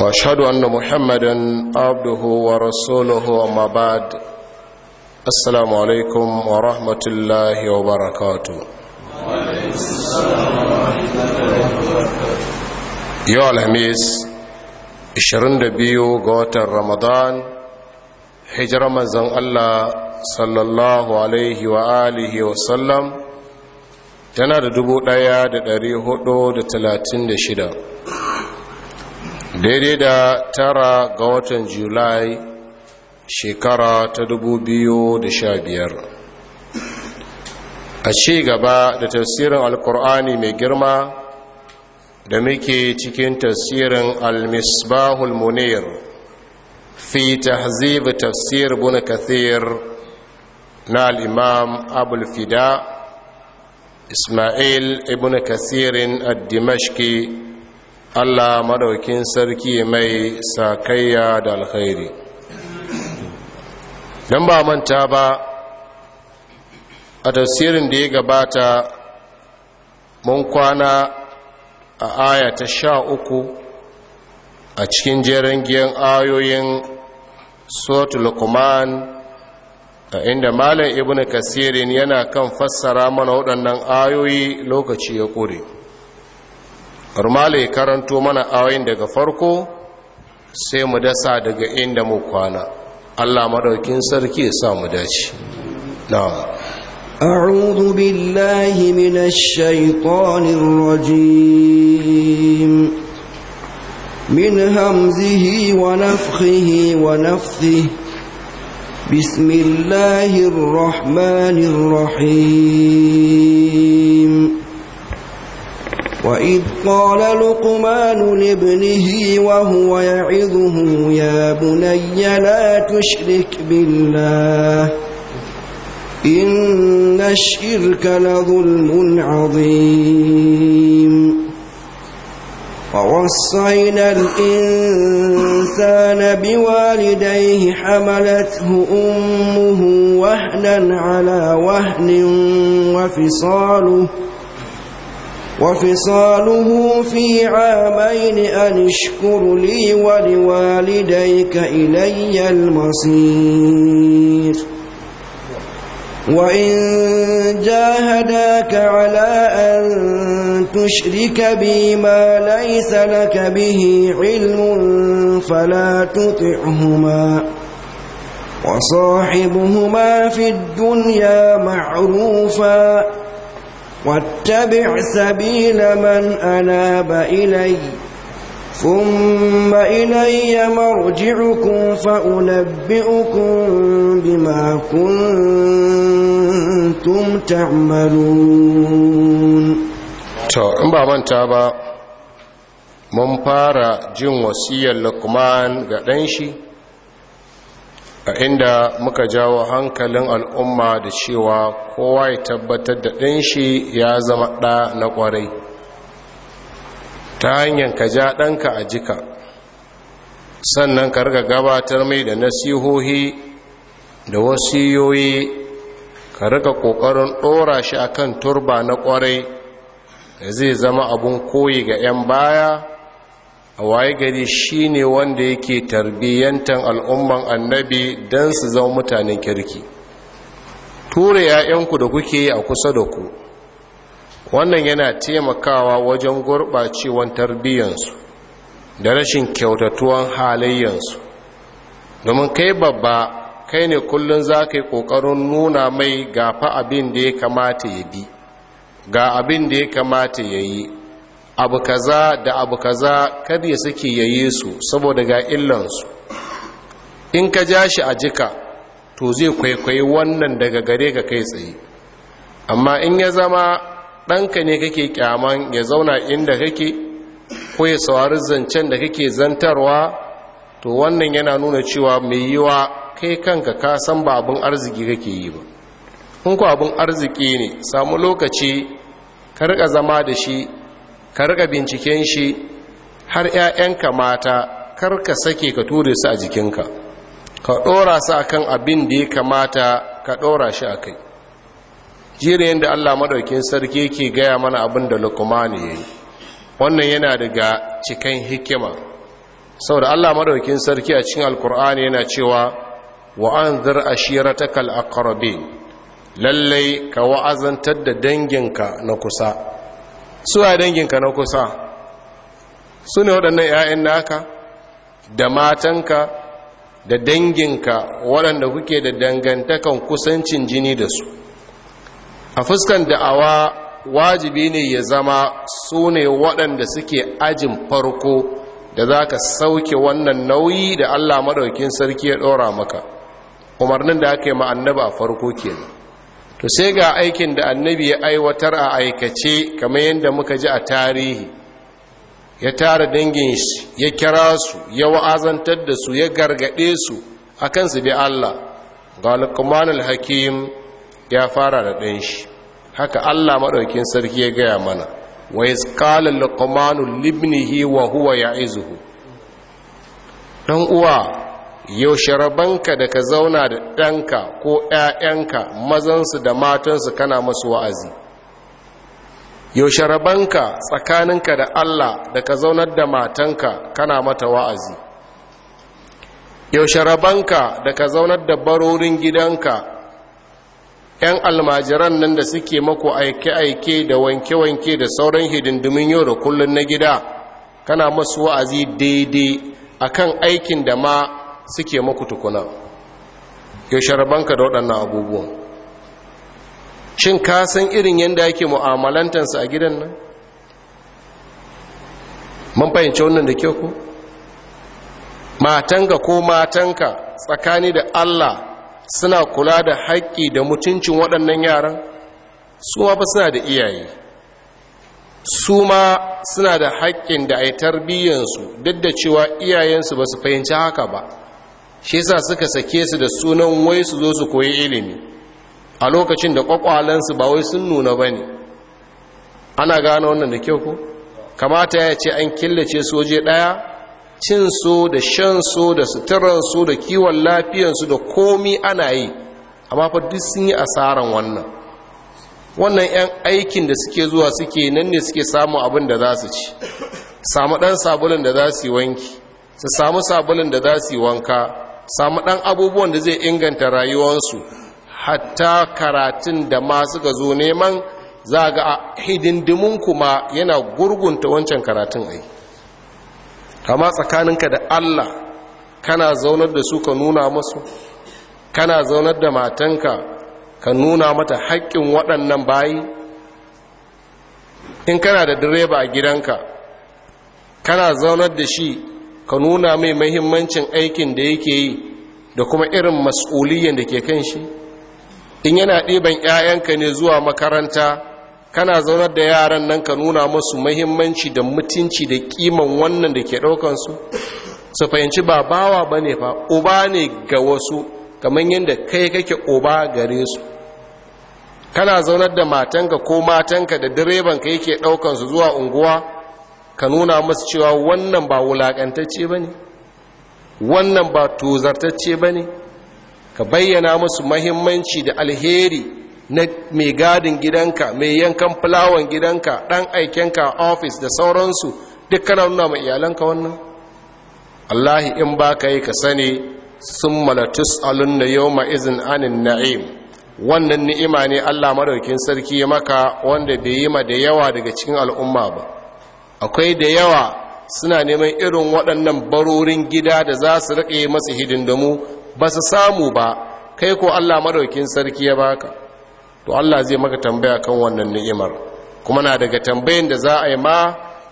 واشهد ان محمدا عبده ورسوله وما بعد السلام عليكم ورحمه الله وبركاته yau alhamis 22 ga watan ramadan hijirar manzan allah sallallahu alaihi wa alihi wa sallam tana da shida. daidai da tara ga watan julai shekara ta dubu biyu da sha biyar. a ci gaba da tafsirin alkur'ani mai girma da muke cikin tafsirin al-misbahul munir fi tahzib tafsir bin kathir na al-imam AbulFida, ismail ibn kathirin ad Allah madaukin sarki mai sakayya da alkhairi dan ba manta ba a tafsirin da ya gabata mun kwana a aya ta sha uku a cikin jerin giyan ayoyin sotu lukman inda malam Ibnu kasirin yana kan fassara mana waɗannan ayoyi lokaci ya ƙure rumali karanto mana ayoyin daga farko sai mu dasa daga inda mu kwana Allah madaukin sarki ya sa mu dace na'am a'udhu billahi minash shaitonir min hamzihi wa nafthihi wa nafthi بسم الله الرحمن الرحيم وإذ قال لقمان لابنه وهو يعظه يا بني لا تشرك بالله إن الشرك لظلم عظيم ووصينا الإنسان بوالديه حملته أمه وهنا على وهن وفصاله وفصاله في عامين أن اشكر لي ولوالديك إلي المصير وإن جاهداك على أن تشرك بي ما ليس لك به علم فلا تطعهما وصاحبهما في الدنيا معروفاً واتبع سبيل من أناب إلي ثم إلي مرجعكم فأنبئكم بما كنتم تعملون to in ba manta ba mun fara jin wasiyar lukman ga ɗanshi a inda muka jawo hankalin al'umma da cewa kowa ya tabbatar da ɗin shi ya zama ɗa na ƙwarai ta hanyar ka ja ɗanka a jika sannan ka riga gabatar mai da nasihohi da wasiyoyi ka riga ƙoƙarin ɗora shi akan turba na ƙwarai da zai zama abun koyi ga 'yan baya a waye gari shi ne wanda yake tarbiyyantar al'umman annabi don su zama mutanen kirki Tura ‘ya'yanku da kuke yi a kusa da ku wannan yana taimakawa wajen gurɓacewan tarbiyyansu da rashin kyautatuwan halayyansu domin kai babba kai ne kullum za ka yi ƙoƙarin nuna mai gafa abin da ya kamata ya bi ga abin da ya kamata ya yi abu kaza da abu kaza kada ya sake yaye su saboda ga illansu in ka ja shi a jika to zai kwaikwayi wannan daga gare ka kai tsaye amma in ya zama ɗanka ne kake kyaman ya zauna inda kake ko ya saurari zancen da kake zantarwa to wannan yana nuna cewa mai yiwa kai kanka ka san ba abin arziki kake yi ba kun ku abin arziki ne samu lokaci ka riƙa zama da shi ka riƙa binciken shi har 'ya'yanka mata kar ka sake ka ture su a jikinka ka ɗora su akan abin da ya kamata ka ɗora shi a kai jirin da allah maɗaukin sarki yake gaya mana abin da lukumani ya wannan yana daga cikin hikima saboda allah maɗaukin sarki a cikin alkur'ani yana cewa wa'anzir ashiratakal aqrabin lallai ka wa'azantar da danginka na kusa Su suwa danginka na kusa su ne waɗannan 'ya'yan naka da matanka da danginka waɗanda kuke da dangantakan kusancin jini da su a fuskan da'awa wajibi ne ya zama su ne waɗanda suke ajin farko da za ka sauke wannan nauyi da allah maɗaukin sarki ya ɗora maka umarnin da aka yi ma'annaba a farko kenan to sai ga aikin da annabi ya aiwatar a aikace kamar yadda muka ji a tarihi ya tara dangin shi ya kira su ya wa'azantar da su ya gargaɗe su a kansu bi Allah ga lukmanul hakim ya fara da ɗan shi haka Allah maɗaukin sarki ya gaya mana wa iskala lukmanul libnihi wa huwa ya izuhu ɗan uwa yaushe rabanka da ka zauna da ɗanka ko ‘ya'yanka mazansu da matansu kana masu wa'azi yaushe rabanka tsakaninka da Allah da ka zaunar da matanka kana mata wa'azi yaushe rabanka da ka zaunar da barorin gidanka ‘yan almajiran nan da suke mako aike-aike da wanke-wanke da sauran hidindimin yau da kullum na gida kana masu wa'azi daidai akan aikin da ma suke maku tukuna yaushe rabanka da waɗannan abubuwan shin ka san irin yadda yake mu'amalantarsa a gidan nan mun fahimci wannan da ke ku matanka ko matanka tsakani da allah suna kula da haƙƙi da mutuncin waɗannan yaran su ma ba suna da iyaye su ma suna da haƙƙin da a yi tarbiyyansu duk da cewa iyayensu ba su fahimci haka ba shi sa suka sake su da sunan wai su zo su koyi ilimi a lokacin da kwakwalansu ba wai sun nuna ba ne ana gano wannan da kyau ko kamata ya ce an killace soje ɗaya cin so da shan so da suturan so da kiwon lafiyansu da komi ana yi amma fa duk sun yi asaran wannan wannan 'yan aikin da suke zuwa suke nan ne suke samun abin da za su ci samu ɗan sabulun da za su yi wanki su samu sabulun da za su yi wanka samu ɗan abubuwan da zai inganta rayuwarsu hatta karatun da ma suka zo neman za ga hidindimin kuma yana gurgunta wancan karatun ai amma tsakaninka da allah kana zaunar da su ka nuna masu kana zaunar da matanka ka nuna mata haƙƙin waɗannan bayi in kana da direba a gidanka kana zaunar da shi ka nuna mai mahimmancin aikin da yake yi da kuma irin mas'uliyan da ke kan shi in yana ɗiban 'ya'yanka ne zuwa makaranta kana zaunar da yaran nan ka nuna masu mahimmanci da mutunci da kiman wannan da ke ɗaukansu su fahimci ba bawa ba ne fa uba ne ga wasu kamar yadda kai kake uba gare su kana zaunar da matanka ko matanka da direban ka yake ɗaukansu zuwa unguwa ka nuna masu cewa wannan ba wulaƙantacce ba ne wannan ba tozartacce ba ne ka bayyana masu mahimmanci da alheri na mai gadin gidanka mai yankan fulawan gidanka ɗan aikenka ofis da sauransu duk kana nuna mai iyalanka wannan allahi in ba ka yi ka sani sun malatus alunna yau ma'izin anin na'im wannan ni'ima ne allah maraukin sarki maka wanda bai yi ma da yawa daga cikin al'umma ba akwai da yawa suna neman irin waɗannan barorin gida da za su riƙe masu hidindamu ba su samu ba kai ko allah maɗaukin sarki ya baka to allah zai maka tambaya kan wannan ni'imar kuma na daga tambayin da za a yi ma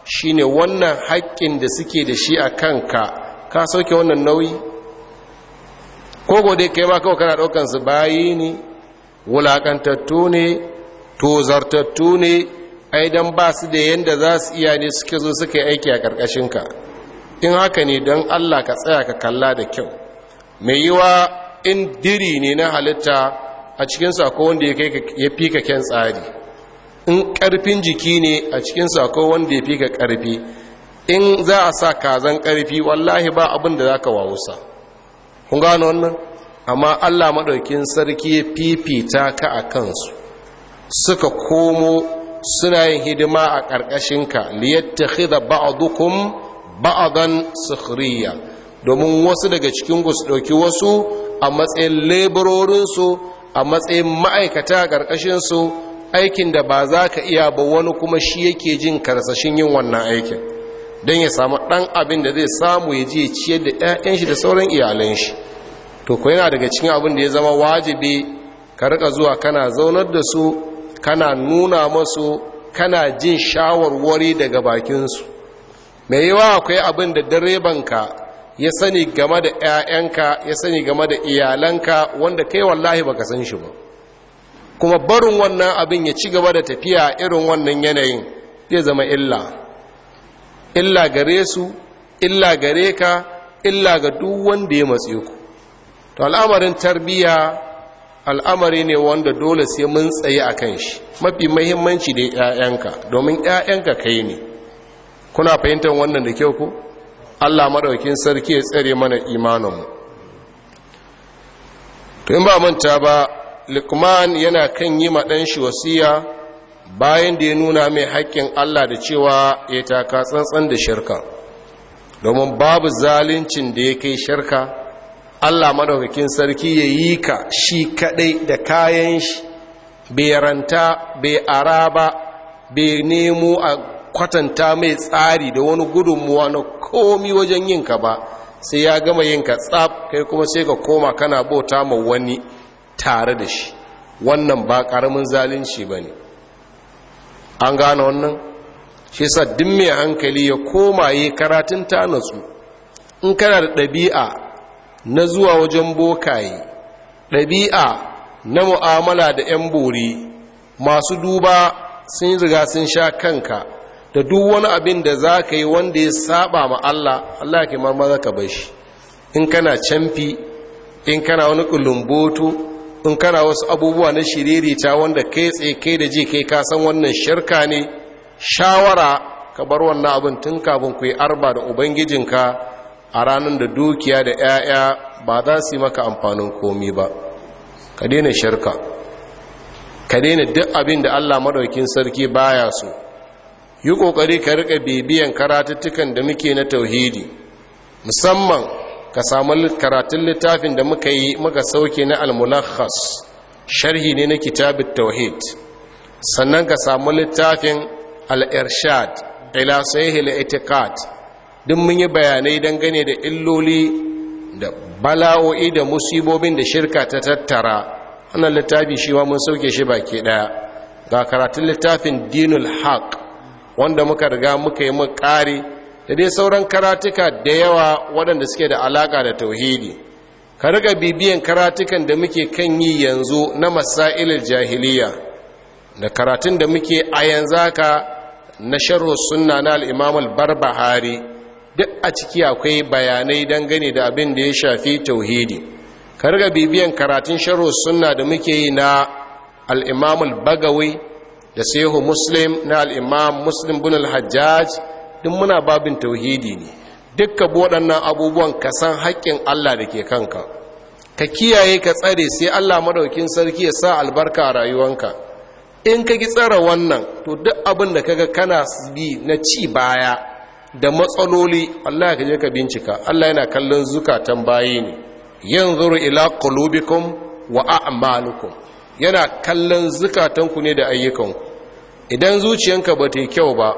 shi ne wannan haƙƙin da suke da shi a kanka ka sauke wannan nauyi ko gode kai ma kawai kana ɗaukansu bayi ne wulaƙantattu ne tozartattu ne ai dan ba su da yadda za su iya ne suke zo suka yi aiki a ƙarƙashinka in haka ne don allah ka tsaya ka kalla da kyau mai yiwa in diri ne na halitta a cikin sako wanda ya fi ka kyan tsari in ƙarfin jiki ne a cikin sako wanda ya fi ka ƙarfi in za a sa kazan ƙarfi wallahi ba abin da za ka wawusa kun gano wannan amma allah maɗaukin sarki ya fifita ka a kansu suka komo suna yin hidima a ƙarƙashinka liyattakhidha ba'dukum ba'dan sukhriya domin wasu daga cikin ku su wasu a matsayin laborerin a matsayin ma'aikata a ƙarƙashin su aikin da ba za ka iya ba wani kuma shi yake jin karsashin yin wannan aikin don ya samu ɗan abin da zai samu ya ji ya ciyar da 'ya'yan shi da sauran iyalan shi to ko yana daga cikin abin da ya zama wajibi ka rika zuwa kana zaunar da su kana nuna masu kana jin shawarwari daga bakinsu mai yawa akwai abin da direbanka ya sani game da 'ya'yanka ya sani game da iyalanka wanda kai wallahi baka san shi ba kuma barin wannan abin ya ci gaba da tafiya irin wannan yanayin zai zama illa illa gare su illa gare ka illa ga duk wanda ya matse ku to al'amarin tarbiyya al'amari ne wanda dole sai mun tsaye a kan shi mafi mahimmanci da ‘ya'yanka domin ‘ya'yanka ka yi ne kuna fahimtar wannan da kyau ku allah maɗaukin sarki ya tsare mana imaninmu to in ba manta ba likman yana kan yi maɗan shi wasiya bayan da ya nuna mai haƙƙin allah da cewa ya taka tsantsan da shirka domin babu zaluncin da ya kai shirka Allah madaukakin sarki ya yi ka shi kadai da kayan shi bai ranta bai ara ba bai nemo a kwatanta mai tsari da wani gudunmuwa na komi wajen yinka ba sai ya gama yinka tsab kai kuma sai ka koma kana bauta ma wani tare da shi wannan ba karamin zalunci ba ne an gane wannan shi sa mai hankali ya koma yi karatun ta natsu in kana da ɗabi'a na zuwa wajen bokaye ɗabi'a na mu'amala da 'yan bori masu duba sun riga sun sha kanka da duk wani abin da za ka yi wanda ya saba ma Allah Allah ke marmar ka bar shi in kana canfi in kana wani kulumboto in kana wasu abubuwa na shiririta wanda kai tsaye kai da je kai ka san wannan shirka ne shawara ka bar wannan abin tun kafin ku yi arba da ubangijinka a ranar da dukiya da 'ya'ya ba za su yi maka amfanin komi ba ka daina shirka ka daina duk abin da allah maɗaukin sarki baya so yi ƙoƙari ka riƙa bibiyan karatuttukan da muke na tauhidi musamman ka samu karatun littafin da muka yi muka sauke na almulakhas sharhi ne na kitabin tauhid sannan ka samu littafin al-irshad ila sahih al-i'tiqad duk mun yi bayanai dangane da illoli da bala'o'i da musibobin da shirka ta tattara wannan littafi shi ma mun sauke shi baki daya ga karatun littafin dinul haq wanda muka riga muka yi ƙari da dai sauran karatuka da yawa waɗanda suke da alaƙa da tauhidi ka riga bibiyan karatukan da muke kan yi yanzu na masailul jahiliya da karatun da muke a yanzu haka na sharhu sunna na al-imam al-barbahari duk a ciki akwai bayanai dangane da abin da ya shafi tauhidi karga bibiyan karatun sharo sunna da muke yi na al'imamul Bagawai da sayahu muslim na al'imam muslim bin al-hajjaj duk muna babin tauhidi ne dukka waɗannan abubuwan ka san haƙƙin allah da ke kanka ka kiyaye ka tsare sai allah maɗaukin sarki ya sa albarka a rayuwanka in ka ki tsara wannan to duk abin da kaga kana bi na ci baya da matsaloli Allah Ya je ka bincika Allah yana kallon zukatan bayi ne yanzuru ila qulubikum wa a'malukum yana kallon zukatanku ne da ayyukanku idan zuciyanka ba ta yi kyau ba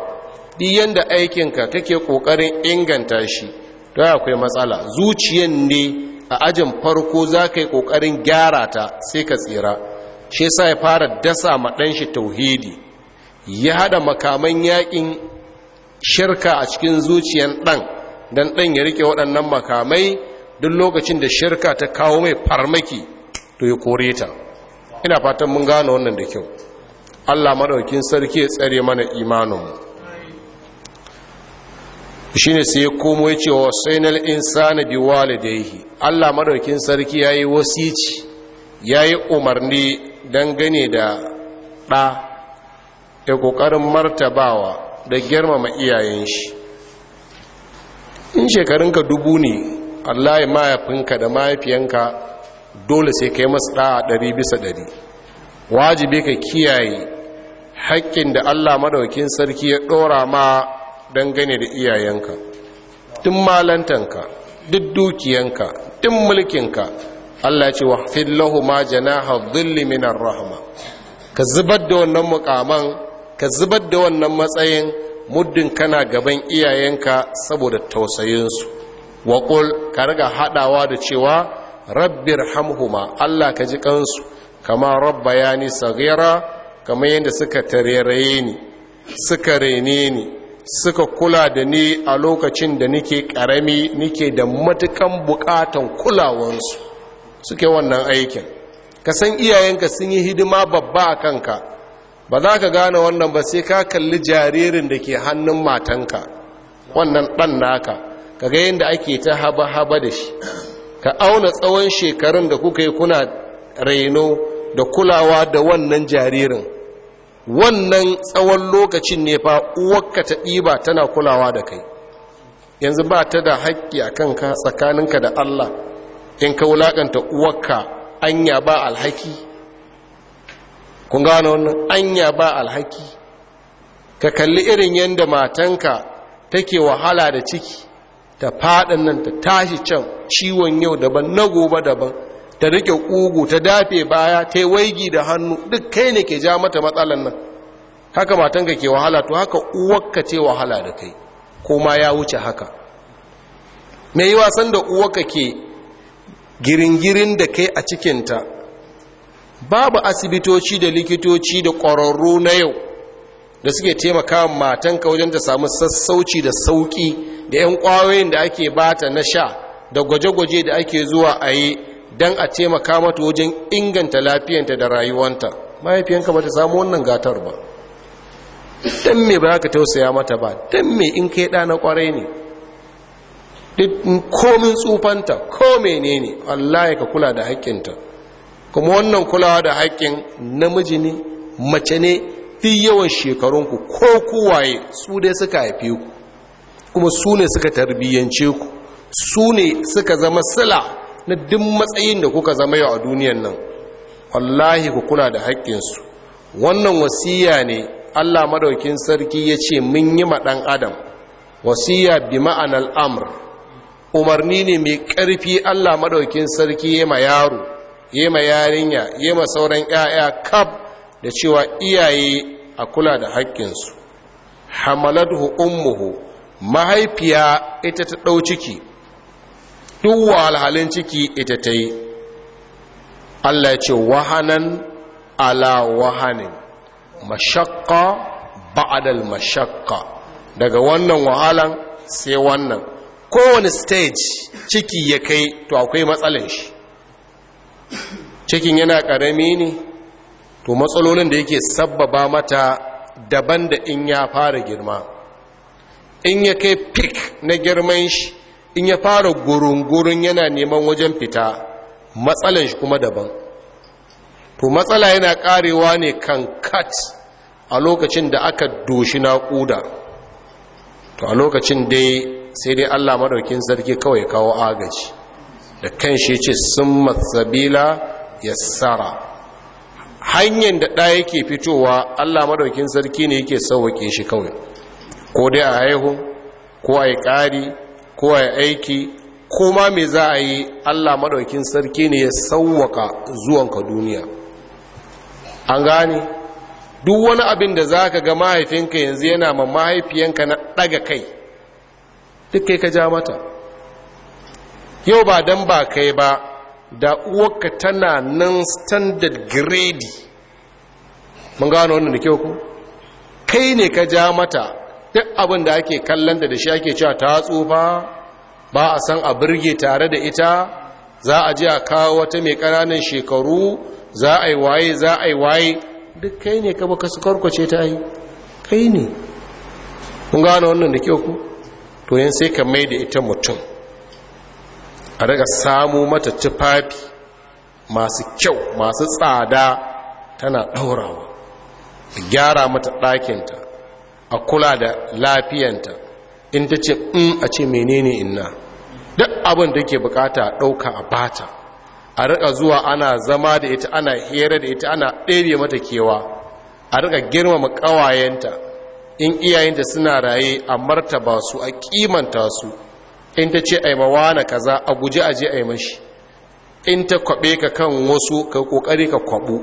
di yanda aikinka kake kokarin inganta shi to akwai matsala zuciyan ne a ajin farko za yi kokarin gyara ta sai ka tsira shi yasa ya fara dasa ma ɗan shi tauhidi ya hada makaman yakin shirka a cikin zuciyan ɗan don ɗan ya rike waɗannan makamai duk lokacin da shirka ta kawo mai farmaki to ya kore ta ina fatan mun gano wannan da kyau allah maɗaukin sarki ya tsare mana imaninmu shi ne sai komo ya ce wa sainal insani bi walidaihi allah maɗaukin sarki ya yi wasici ya yi umarni dangane da ɗa ya ƙoƙarin martabawa da girmama iyayen shi in shekarunka dubu ne allah ya mahaifinka da mahaifiyanka dole sai kai masu a ɗari bisa ɗari wajibi ka kiyaye haƙƙin da allah maɗaukin sarki ya ɗora ma dangane da iyayenka Tun malantanka duk dukiyanka tun mulkinka allah ce wa lahu ma jana zulli minar rahama ka zubar da wannan mukaman ka zubar da wannan matsayin muddin kana gaban iyayenka saboda tausayinsu waƙul ka riga haɗawa da cewa rabbir hamhuma allah ka ji kansu kama rabba ya ni kama yadda suka tareraye ni suka rene ni suka kula da ni a lokacin da nike ƙarami nike da matukan buƙatan kulawansu suke wannan aikin ka san iyayenka sun yi hidima babba a kanka ba za ka gane wannan ba sai ka kalli jaririn da ke hannun matanka wannan ɗan naka ka ga yadda ake ta haba-haba da shi ka auna tsawon shekarun da kuka yi kuna raino da kulawa da wannan jaririn wannan tsawon lokacin ne fa uwakka ta ɗiba tana kulawa da kai yanzu ba ta da haƙƙi a kanka tsakaninka da allah in ka wulaƙanta uwakka anya ba alhaki kun gano wannan anya ba alhaki ka kalli irin yadda matanka take wahala da ciki ta faɗin nan ta tashi can ciwon yau daban na gobe daban ta rike ƙugu ta dafe baya ta yi waigi da hannu duk kai ne ke ja mata matsalan nan haka matanka ke wahala to haka uwakka ce wahala da kai ko ma ya wuce haka mai yi wasan da uwakka ke giringirin da kai a cikinta babu asibitoci da likitoci da ƙwararru na yau da suke taimaka matanka wajen ta samu sassauci da sauƙi da 'yan ƙwayoyin da ake bata na sha da gwaje-gwaje da ake zuwa a yi don a taimaka mata wajen inganta lafiyanta da rayuwanta mahaifiyanka ba ta samu wannan gatar ba don me ba ka tausaya mata ba don me in kai ɗa na ƙwarai ne komin tsufanta ko menene Allah ya ka kula da haƙƙinta kuma wannan kulawa da haƙƙin namiji ne mace ne fi yawan shekarunku ko kowaye su dai suka haife ku kuma su ne suka tarbiyyance ku su ne suka zama sila na duk matsayin da kuka zama yau a duniyan nan wallahi ku kula da haƙƙinsu wannan wasiya ne allah madaukin sarki ya ce mun yi ma ɗan adam wasiya bi ma'anar amr umarni ne mai ƙarfi allah madaukin sarki ya ma yaro Yi ma yarinya ma sauran 'ya'ya kab da cewa iyaye a kula da haƙƙinsu hamalatu ummuhu mahaifiya ita ta ɗau ciki duk wa alhalin ciki ita ta yi allah ya ce wahanan ala wahanin mashakka ba'adal mashakka daga wannan wahalan sai wannan kowane stage ciki ya kai to akwai matsalan shi cikin yana ƙarami ne to matsalolin da yake sabbaba mata daban da in ya fara girma in ya kai fik na girman shi in ya fara gurungurun yana neman wajen fita matsalan shi kuma daban to matsala yana karewa ne kan kat a lokacin da aka doshi naƙuda to a lokacin dai sai dai allah maɗaukin sarki kawai kawo agaji da kan shi ce sun matsabila ya tsara hanyar da ɗaya yake fitowa allah maɗaukin sarki ne yake sauwaƙe shi kawai ko dai a haihu ko a yi ƙari ko a yi aiki ko ma mai za a yi allah maɗaukin sarki ne ya sauwaƙa zuwanka duniya an gane duk wani abin da za ka ga mahaifinka yanzu yana ma mahaifiyanka na ɗaga kai duk kai ka ja mata yau ba don ba kai ba da uwaka tana nan standard grade mun gano wannan da kyau ku kai ne ka ja mata duk abin da ake kallon da shi ake cewa ta tsufa ba a san a birge tare da ita za a ji a kawo wata mai ƙananan shekaru za a yi waye za a yi waye duk kai ne ka baka su karkwace ta yi kai ne Mun gano wannan da kyau ku to yin sai ka mai da ita mutum a daga samu mata tufafi masu kyau masu tsada tana ɗaurawa a gyara mata ɗakinta a kula da lafiyanta in ta ce in mm, a ce menene inna duk abin da ke bukata ɗauka a bata a rika zuwa ana zama da ita ana hira da ita ana ɗebe mata kewa a rika girmama ƙawayenta in iyayenta suna raye a martaba su a kimanta su in ta ce aimawa na kaza a guji a aje shi. in ta kwabe ka kan wasu ka kokari ka kwabu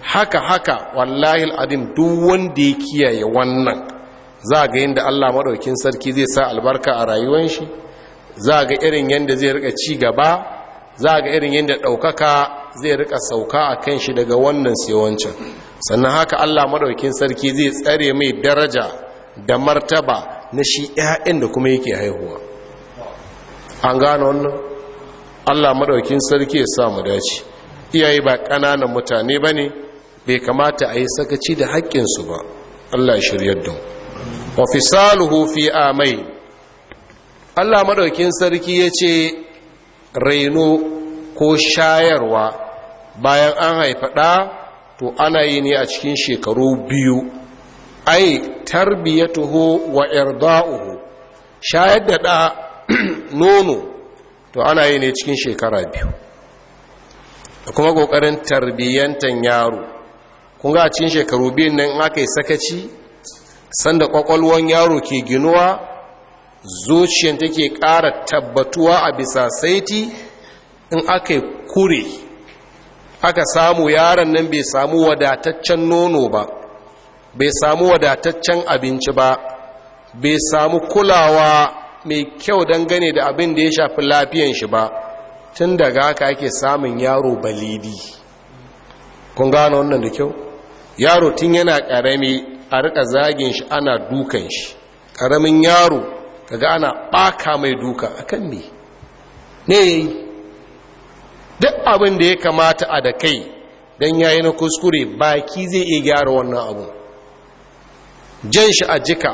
haka haka wallahi al'adin duk wanda ya kiyaye wannan za ga yadda Allah maɗaukin sarki zai sa albarka a rayuwar shi za ga irin yadda zai rika ci gaba za ga irin yadda ɗaukaka zai rika sauka a kan shi daga wannan siyawancin sannan haka Allah maɗaukin sarki zai tsare mai daraja da martaba na shi 'ya'yan da kuma yake haihuwa an gane wannan allah maɗaukin sarki ya samu dace iyaye ba ƙananan mutane ba ne bai kamata a yi sakaci da haƙƙinsu ba allah shiryar don wafisaluhu fi amai allah maɗaukin sarki ya ce raino ko shayarwa bayan an haifa ɗa to ana yi ne a cikin shekaru biyu ai tarbiyatuhu wa irda'uhu shayar da ɗa nono to ana yi ne cikin shekara biyu da kuma ƙoƙarin tarbiyyantan yaro kun ga cikin shekaru biyu nan aka yi sakaci sanda ƙwaƙwalwan yaro ke ginuwa zuciyar take ƙara tabbatuwa a bisa saiti in aka yi kure aka samu yaron nan bai samu wadataccen nono ba bai samu wadataccen abinci ba bai samu kulawa mai kyau gane da abin da ya shafi lafiyan shi ba tun daga haka ake samun yaro balibi kun gano wannan da kyau yaro tun yana ƙarami a rika zagin shi ana dukan shi ƙaramin yaro kaga ana ɓaka mai duka akan me ne yayi duk abin da ya kamata a da kai don yayi na kuskure baki zai iya gyara wannan abu jan shi a jika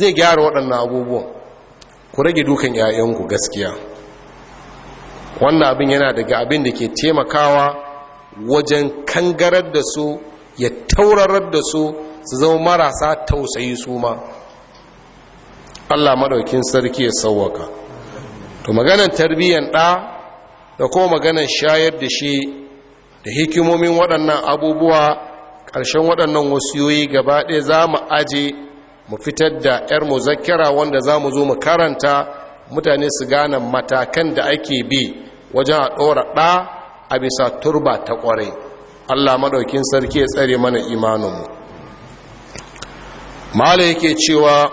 zai gyara waɗannan abubuwan ku rage dukan 'ya'yanku gaskiya wannan abin yana daga abin da ke taimakawa wajen kangarar da su ya taurarar da su su zama marasa tausayi su ma allah maɗaukin sarki ya sauwaka to maganar tarbiyyar ɗa da kuma maganar shayar da shi da hikimomin waɗannan abubuwa ƙarshen waɗannan wasu wasiyoyi gaba ɗaya za mu aje mu fitar da 'yar mu muzakkira wanda za mu zo mu karanta mutane su gane matakan da ake bi wajen a ɗora ɗa a bisa turba ta ƙwarai allah maɗaukin sarki ya tsare mana imaninmu mala yake cewa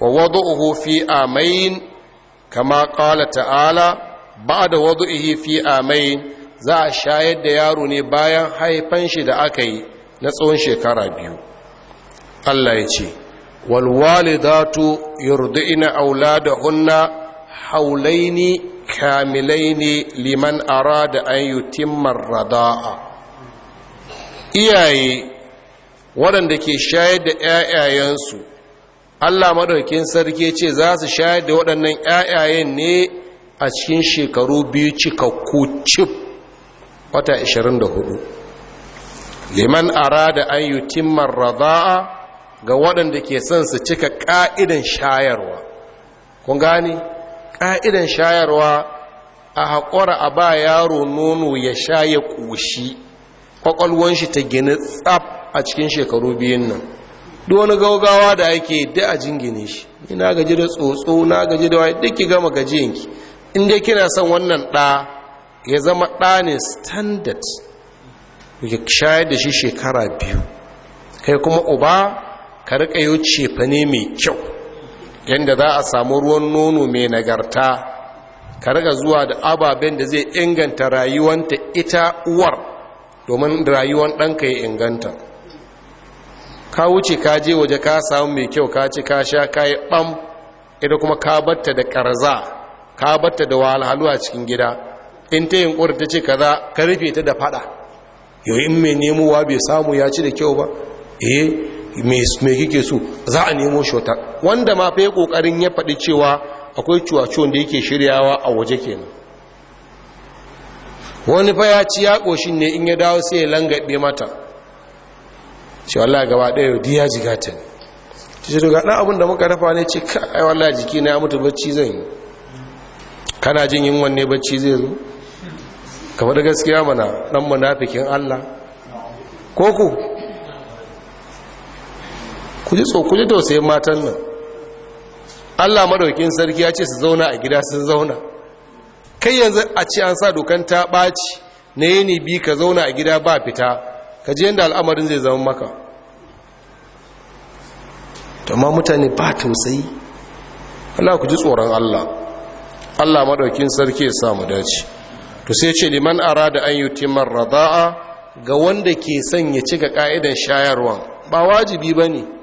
wa wadu'uhu fi amain kama ƙala ta'ala ba da wadu'uhi fi amain za a shayar da yaro ne bayan haifan shi da aka yi na tsawon shekara biyu allah ya ce والوالدات يرضئن أولادهن haulaini كاملين liman أراد أن يتم الرضاء iyaye waɗanda ke shayar da allah madaukin sarki ce za su shayar da waɗannan 'ya'yayen ne a cikin shekaru biyu cikakku cif wata 24 liman arada an yutimma raza'a ga waɗanda ke son su cika ƙa'idan shayarwa kun gani ƙa'idan shayarwa a haƙura a ba yaro nono ya sha ya ƙoshi ƙwaƙwalwan shi ta gini tsaf a cikin shekaru biyun nan duk gaugawa da ake da a jingine shi ni na gaji da tsotso na gaji da waye duk gama gajiyanki in dai kina son wannan ɗa ya zama ɗa ne standard ya shayar da shi shekara biyu kai kuma uba ka riƙa yau ne mai kyau yadda za a samu ruwan nono mai nagarta ka riƙa zuwa da ababen da zai inganta rayuwanta ita uwar domin rayuwan ɗanka ya inganta ka wuce ka je waje ka samu mai kyau ka ci ka sha ka yi ɓam ita kuma ka batta da ƙarza ka batta da wahalhalu a cikin gida in ta yin ƙura ta ce kaza ka rufe ta da faɗa yau in mai nemowa bai samu ya ci da kyau ba eh mai kike so za a nemo shota wanda ma fa kokarin ya faɗi cewa akwai cuwacuwan da yake shiryawa a waje kenan wani fa ya ci ya ƙoshin ne in ya dawo sai ya langaɗe mata ce wallah gaba ɗaya yau diya jiga ta ne ci ce daga ɗan abin da muka rafa ne ce ka ai jiki na ya mutu bacci zan yi kana jin yin wanne bacci zai zo kamar gaskiya mana ɗan munafikin allah ko ku ku ji tsokuli tausayin matan nan allah maraukin sarki ya ce su zauna a gida sun zauna kai yanzu a ce an sa dokan ta ɓaci na yini bi ka zauna a gida ba fita ka ji yadda al'amarin zai zama maka tamma mutane ba tausayi allah ku ji tsoron allah allah maraukin sarki ya samu dace to sai ce liman arada an yi timar rada'a ga wanda ke son ya ci ga ka'idan shayarwa ba wajibi ba ne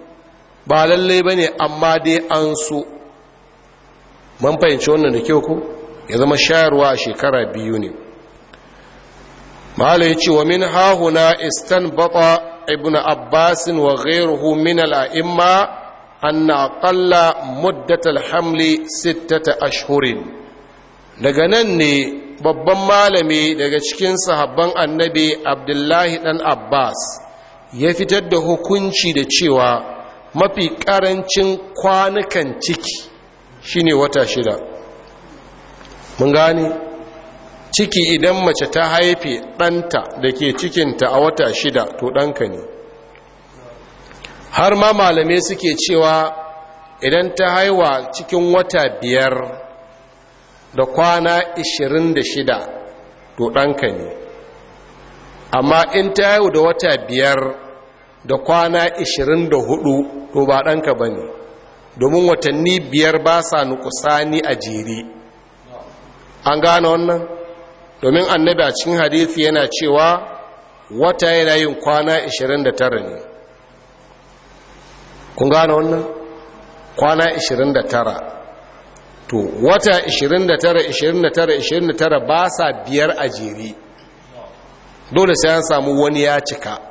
ba lalle ba ne amma dai an so man fahimci wannan da kyau ku. ya zama shayarwa a shekara biyu ne mahala ya ce wa min hahuna istan bata ibn abbasin wa ghairuhu min al'a'imma anna aqalla muddatal hamli sittata ashhurin daga nan ne babban malami daga cikin sahabban annabi abdullahi dan abbas ya fitar da hukunci da cewa mafi karancin kwanukan ciki shine wata shida mun gane ciki idan mace ta haife ɗanta da ke cikinta a wata shida to ɗanka ne har ma malamai suke cewa idan ta haiwa cikin wata biyar da kwana 26 to ɗanka ne amma in ta haihu da wata biyar da kwana 24 to ba ɗanka ba ne domin watanni biyar ba sa nukusani a jere an gane wannan domin annabi a cikin hadithi yana cewa wata yana yin kwana 29 ne kun gane wannan kwana 29 to wata 29 29 29 ba sa biyar a jere dole sai an samu wani ya cika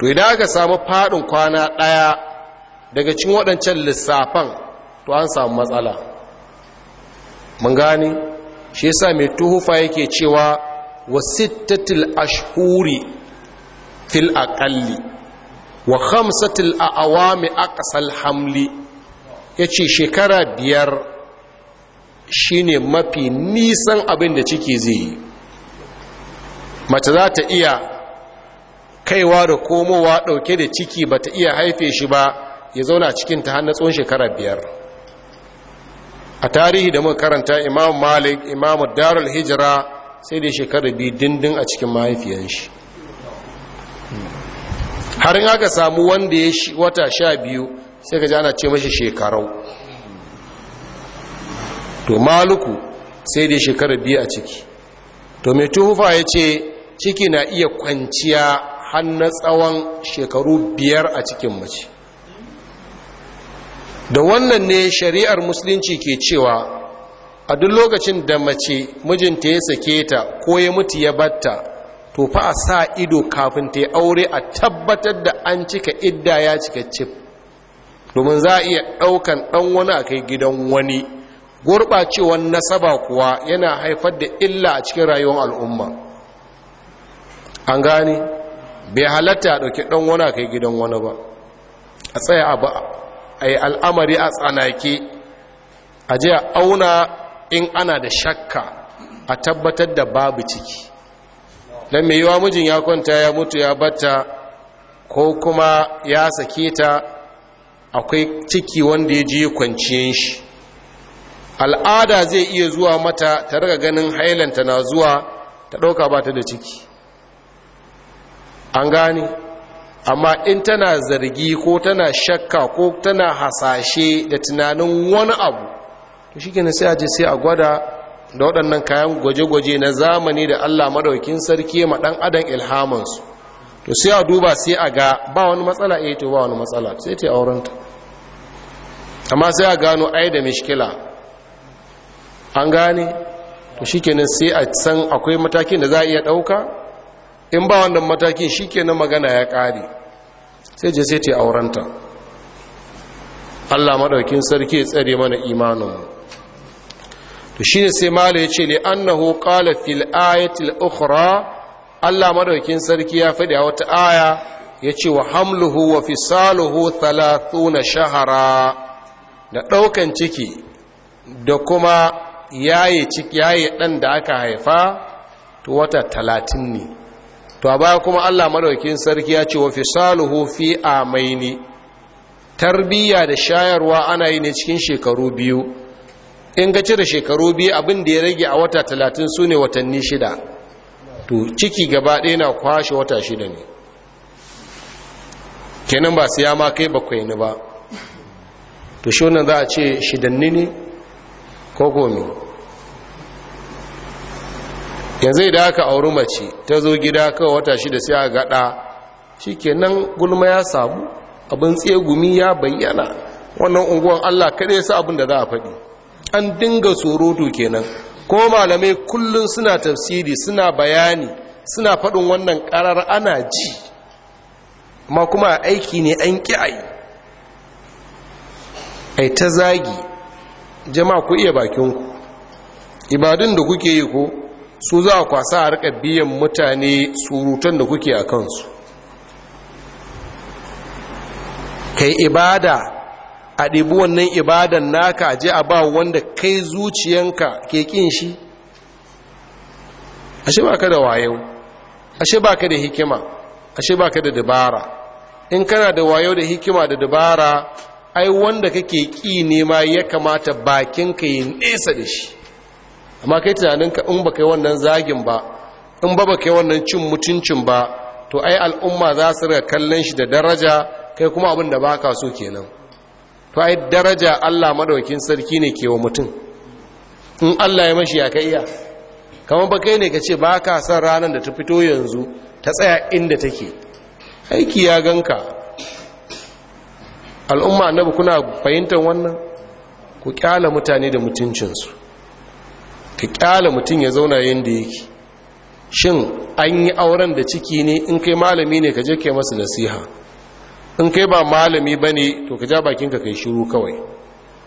to idan aka samu faɗin kwana ɗaya daga cikin waɗancan lissafan to an samu matsala mun gani shi yasa mai tuhufa yake cewa wasittatil ashhuri fil aqalli wa khamsatil awami aqsal hamli yace shekara biyar shine mafi nisan abin da ciki zai yi mace za ta iya kaiwa da komowa ɗauke da ciki ba ta iya haife shi ba ya zauna cikin ta hannun tsohon shekara biyar a tarihi da muka karanta imam malik imam darul hijira sai da shekara biyu dindin a cikin mahaifiyan shi har in aka samu wanda ya shi wata sha biyu sai ka jana ce mashi shekarau to maluku sai da shekara biyu a ciki to mai tuhufa ya ce ciki na iya kwanciya hannu tsawon shekaru biyar a cikin mace da wannan ne shari'ar musulunci ke cewa a duk lokacin da mace mijinta ya sake ta ko ya mutu ya batta to fa a sa ido kafin ta aure a tabbatar da an cika idda ya cika cif domin za a iya ɗaukan ɗan wani a kai gidan wani gurɓacewar nasaba kuwa yana haifar da illa a cikin rayuwar al'umma an gane bai halatta a ɗauki ɗan wani kai gidan wani ba a tsaya a ba a yi al'amari a tsanake a je a auna in ana da shakka a tabbatar da babu ciki don mai yiwa mijin ya kwanta ya mutu ya batta ko kuma ya sake ta akwai ciki wanda ya je kwanciyen shi al'ada zai iya zuwa mata ta raga ganin hailanta na zuwa ta ɗauka ba ta da ciki an gane amma in tana zargi ko tana shakka ko tana hasashe da tunanin wani abu to shi sai a je sai a gwada da waɗannan kayan gwaje-gwaje na zamani da allah maɗaukin sarki ma ɗan adam ilhamansu to sai a duba sai a ga ba wani matsala eh to ba wani matsala sai ta aurenta amma sai a gano ai da mishkila an gane to shikenan sai a san akwai matakin da za a iya ɗauka in ba wannan matakin shi na magana ya ƙare sai je sai ta aurenta allah maɗaukin sarki ya tsare mana imanin to shi sai mala ya ce ne annahu qala fil ayatil ukhra allah maɗaukin sarki ya faɗi a wata aya ya ce wa hamluhu wa fisaluhu na shahara da ɗaukan ciki da kuma yaye ciki ɗan da aka haifa to wata talatin ne to a baya kuma Allah madaukakin sarki ya ce wa fisaluhu fi amaini tarbiyya da shayarwa ana yi ne cikin shekaru biyu in ga cire shekaru biyu abin da ya rage a wata talatin su ne watanni shida to ciki gaba ɗaya na kwashe wata shida ne kenan ba su ma kai bakwai ni ba to shi wannan za a ce shidanni ne ko gomi yanzu idan aka auri mace ta zo gida kawai wata shida sai a gaɗa shi kenan gulma ya samu abin tsaye gumi ya bayyana wannan unguwan allah kaɗai ya sa abin da za a faɗi an dinga surutu kenan ko malamai kullum suna tafsiri suna bayani suna faɗin wannan ƙarar ana ji Ma kuma aiki ne an ƙi ai ta zagi jama'a ku iya bakinku ibadun da kuke yi ko su za a kwasa a rika biyan mutane surutan da kuke a kansu kai ibada a ɗibi wannan ibadan naka a je a ba wanda kai zuciyanka ke ƙin shi ashe ba ka da wayo ashe ba ka da hikima ashe ba ka da dabara in kana da wayo da hikima da dabara ai wanda kake ƙi nema ya kamata bakinka yi nesa da shi amma kai tunanin ka in ba kai wannan zagin ba in ba ba kai wannan cin mutuncin ba to ai al'umma za su riga kallon shi da daraja kai kuma abin da ba so kenan to ai daraja Allah madaukin sarki ne ke wa mutum in Allah ya mashi ya kai iya kamar ba kai ne ka ce ba ka san ranar da ta fito yanzu ta tsaya inda take aiki ya ganka al'umma annabi kuna fahimtar wannan ku kyala mutane da mutuncinsu ka kyala mutum ya zauna yadda yake shin an yi auren da ciki ne in kai malami ne ka je kai masa nasiha in kai ba malami ba ne to ka ja bakinka kai shiru kawai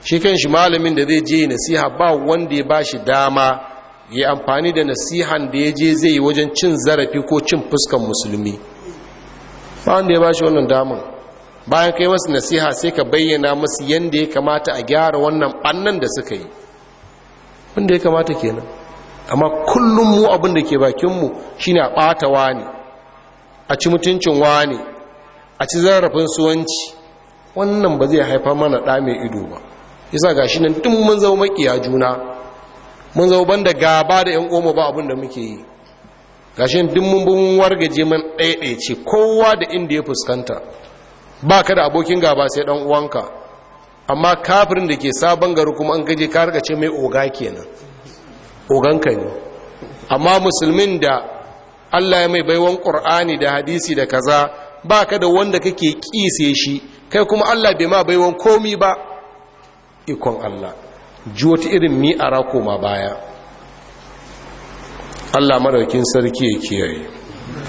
shi kan shi malamin da zai je nasiha ba wanda ya ba shi dama ya amfani da nasihan da ya je zai yi wajen cin zarafi ko cin fuskan musulmi ba wanda ya ba shi wannan damar bayan kai masu nasiha sai ka bayyana masu yadda ya kamata a gyara wannan bannan da suka yi wanda ya kamata kenan amma kullum mu abin da ke bakinmu shine a ɓata wani a ci mutuncin wani a ci zarafin suwanci wannan ba zai haifa mana ɗa mai ido ba yasa gashi nan duk mun zama makiya juna mun zama banda gaba da yan omo ba abin da muke yi gashi duk mun bin wargaje man ce kowa da inda ya fuskanta ba ka da abokin gaba sai ɗan uwanka amma kafirin da ke sabon gari kuma an gaje ka ce mai oga kenan oganka ne amma musulmin da Allah ya mai baiwan ƙur'ani da hadisi da kaza ba ka da wanda kake kise shi kai kuma Allah bai ma baiwan komi ba ikon Allah ji wata irin mi'ara koma baya Allah madaukin sarki ya kiyaye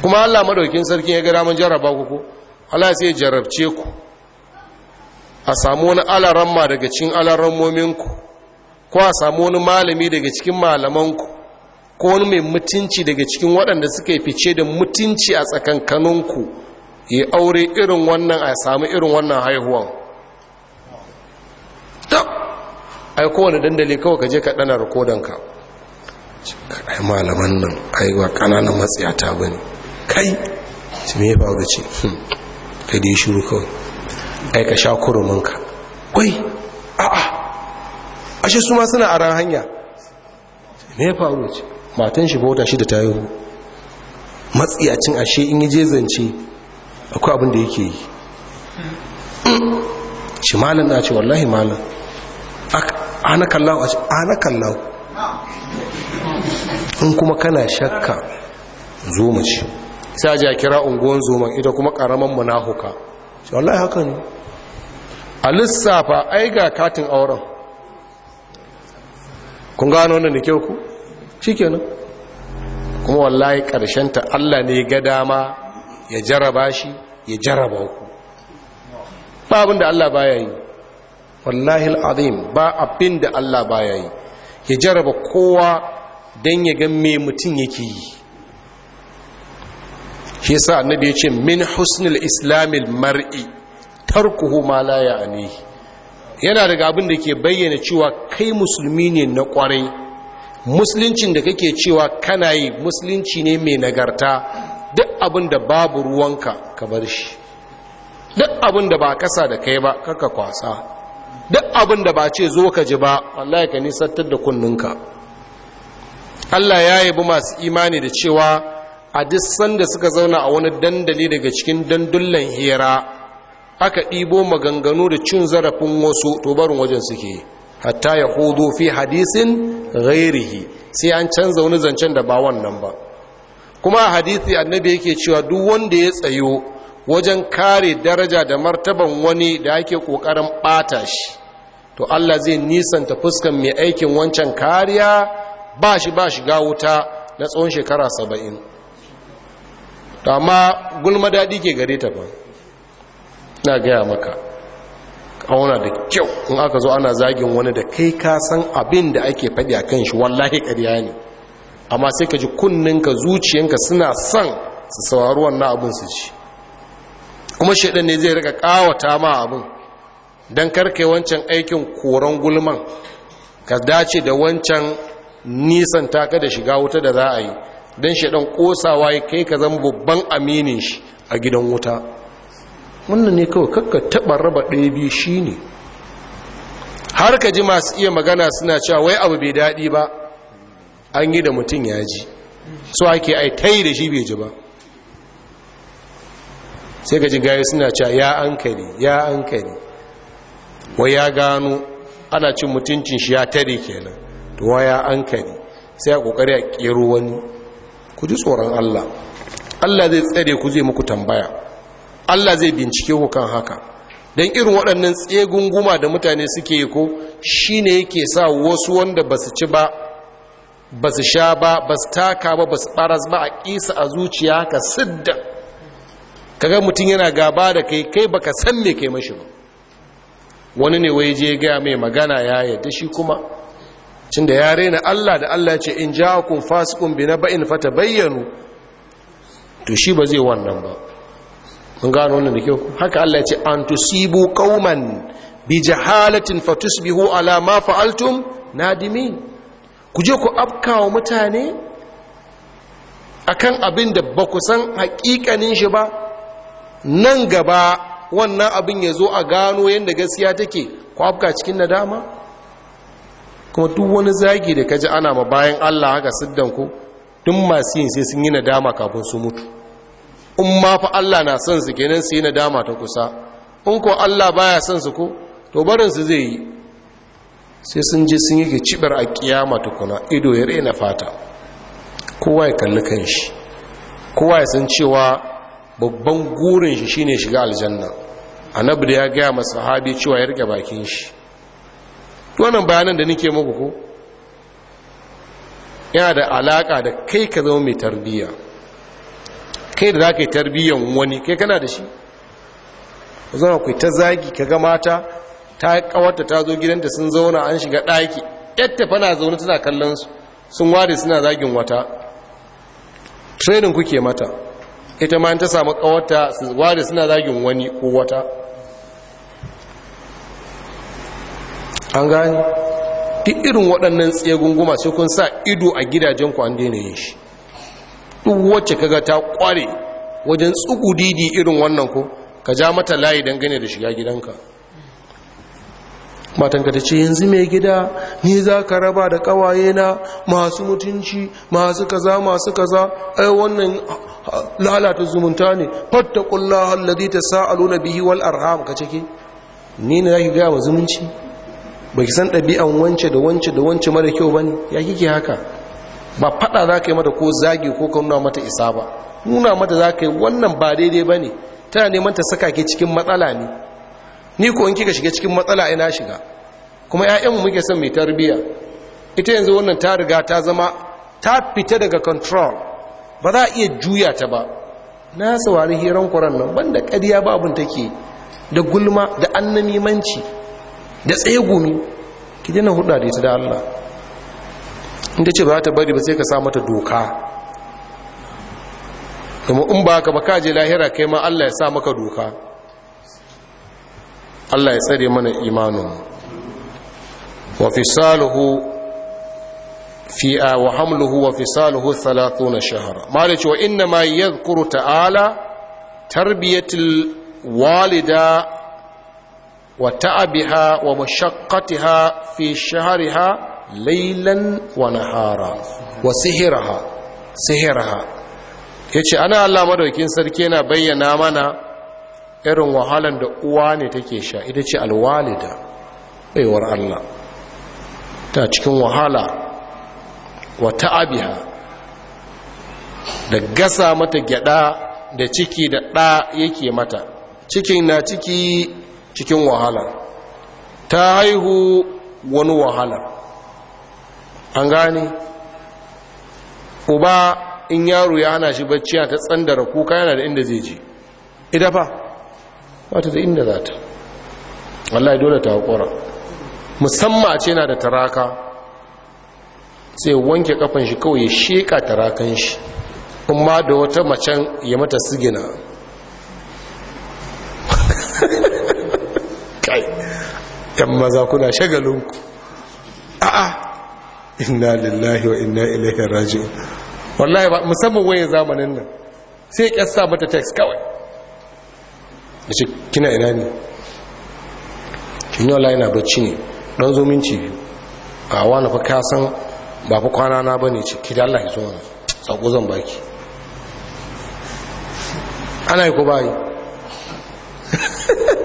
kuma Allah madaukin sarki ya ga daman jarraba ku ko Allah sai ya jarrabce ku a samu wani alaramma daga cikin alarammominku ko a samu wani malami daga cikin malamanku ko wani mai mutunci daga cikin waɗanda suka yi fice da mutunci a tsakankaninku ya aure irin wannan a samu irin wannan haihuwan tab ai kowane dandali kawai ka je ka ɗana rikodonka ai malaman nan aiwa ƙananan matsiyata ba ne kai su me ya faru ce kai da hmm. shiru kawai ai ka sha kuruminka Wai a'a ashe su ma suna a ran hanya ne fa faru ce matan shi bauta shi da tayo matsiyacin ashe in yi jezance akwai abin da yake yi shi malam na ce wallahi malam ana kallawa a ce ana kallawa in kuma kana shakka zo mu ci sai a jakira unguwan zoman ita kuma karaman munahuka shi wallahi haka ne a lissafa ai ga katin auren kun gano wannan da kyau ku nan kuma wallahi ta Allah ne ga dama ya jaraba shi ya jaraba ku ba abin da Allah baya yi wallahi al'azim ba abin da Allah baya yi ya jaraba kowa don ya ga mai mutum yake yi shi sa annabi ce min husnil islamil mar'i tarkuhu ma la ya'ni yana daga abin da ke bayyana cewa kai musulmi ne na kwarai musuluncin da kake cewa kana yi musulunci ne mai nagarta duk abin da babu ruwanka ka bar shi duk abin da ba kasa da kai ba kaka kwasa duk abin da ba ce zo ka ji ba wallahi ka nisantar da kunninka Allah ya yabi masu imani da cewa a duk sanda suka zauna a wani dandali daga cikin dandullan hira aka ɗibo maganganu da cin zarafin wasu to barin wajen suke hatta ya hudu fi hadisin ghairihi sai an canza wani zancen da ba wannan ba kuma a hadisi annabi yake cewa duk wanda ya tsayo wajen kare daraja da martaban wani da ake kokarin bata shi to Allah zai nisanta fuskan mai aikin wancan kariya ba shi ba shiga wuta na tsawon shekara saba'in to amma gulma daɗi ke gare ta ba na gaya maka auna da kyau in aka zo ana zagin wani da kai ka san abin da ake faɗi a kan shi wallahi ƙarya ne amma sai ka ji kunninka zuciyanka suna son su saurari wannan abin su ci. kuma shaidan ne zai rika ƙawata ma abin don karkai wancan aikin koron gulman ka dace da wancan nisan taka da shiga wuta da za a yi don shaɗan ƙosawa ya kai ka zama babban aminin shi a gidan wuta wannan ne kawai kakka taɓa raba ɗaya biyu shi ne har ka ji masu iya magana suna cewa wai abu bai daɗi ba an yi da mutum ya ji so ake ai ta yi da shi bai ji ba sai ka ji gaya suna cewa ya an kari ya an kari wai ya gano ana cin mutuncin shi ya tare kenan to wa ya an kari sai a ƙoƙari a ƙero wani ku ji tsoron Allah Allah zai tsere ku zai muku tambaya Allah zai bincike ku kan haka don irin waɗannan tsegunguma da mutane suke yi ko shi ne yake sa wasu wanda ba su ci ba ba su sha ba ba su taka ba ba su ɓaras ba a ƙisa a zuciya ka sidda kaga mutum yana gaba da kai kai baka san me kai mashi ba wani ne wai je gaya mai magana ya yadda shi kuma cin da ya rena Allah da Allah ce in ja fasikun na ba'in fata bayyanu, to shi ba zai wannan ba mun gano wannan da kyau haka Allah ya ce an tusibu qauman bi jahalatin fatusbihu ala ma fa'altum nadimin ku je ku afkawa mutane akan abin da ba ku san hakikanin shi ba nan gaba wannan abin ya zo a gano yadda gaskiya take ku afka cikin nadama kuma duk wani zagi da kaji ana ma bayan Allah haka siddan ku duk masu yin sai sun yi nadama kafin su mutu in ma fa Allah na son su kenan su yi nadama ta kusa in ko Allah baya son su ko to barin su zai yi sai sun je sun yi cibar a kiyama tukuna ido ya rena fata kowa ya kalli kanshi kowa ya san cewa babban gurin shi shine shiga aljanna annabi da ya gaya masa sahabi cewa ya rike bakin shi wannan bayanan da nike muku ko yana da alaka da kai ka zama mai tarbiyya kai da za ka yi tarbiyyan wani kai kana da shi zama kai ta zagi ka ga mata ta kawarta ta zo gidanta sun zauna an shiga ɗaki yadda fana zaune tana kallon su sun ware suna zagin wata trenin kuke mata ita ma ta samu kawarta su ware suna zagin wani ko wata an gani duk irin waɗannan gunguma sai kun sa ido a gidajen ku an daina yin shi duk wacce kaga ta kware wajen didi irin wannan ko ka ja mata layi don dangane da shiga gidanka matanka ta ce yanzu mai gida ni za ka raba da kawaye na masu mutunci masu kaza masu kaza ai wannan lalata zumunta ne fattakullah allazi tasaaluna bihi wal arham ka cike ni ne ki gaya wa zumunci bai san ɗabi'an wance da wance da wance mara kyau ba ne ya kike haka ba faɗa za ka yi mata ko zagi ko ka nuna mata isa ba nuna mata za ka yi wannan ba daidai ba ne tana neman ta saka ke cikin matsala ne ni ko in kika shiga cikin matsala ina shiga kuma 'ya'yanmu muke son mai tarbiyya ita yanzu wannan ta riga ta zama ta fita daga control ba za a iya juya ta ba na saurari hiran kuran nan banda ƙarya ba abin take da gulma da annamimanci da tsegumi ki dina hudu da ita da Allah inda ce ba ta bari ba sai ka sa mata doka kuma in ba ka baka je lahira kai ma Allah ya sa maka doka Allah ya tsare mana imanin wa fisaluhu fi wa hamluhu wa fisaluhu 30 shahara ce, wa inna ma yadhkuru ta'ala tarbiyatul walida wa ومشقتها wa شهرها fi ونهارا وسهرها سهرها yace ana Allah madaukin sarki yana bayyana mana irin wahalan da uwa ne take sha ita ce alwalida baiwar Allah ta cikin wahala wa ta'abiha da gasa mata gyada da ciki da ɗa yake mata cikin na ciki cikin wahala ta haihu wani wahala an gane uba in yaro ya hana shi bacci ta tsandara kuka yana da inda zai ji ita fa wata da inda za ta wallahi dole ta haƙura musamman ce na da taraka sai wanke kafan shi kawai ya sheka tarakan shi kuma da wata macen ya mata sigina yan maza kuna shagalinku a'a inna lillahi wa inna ilaihi raji wallahi ba musamman waye zamanin nan sai ya sa mata text kawai da shi kina ina ne kin yau yana bacci ne dan zominci a wani fa ka san ba fi kwana na bane ce ki da Allah ya zo mana zan baki ana yi ko bayi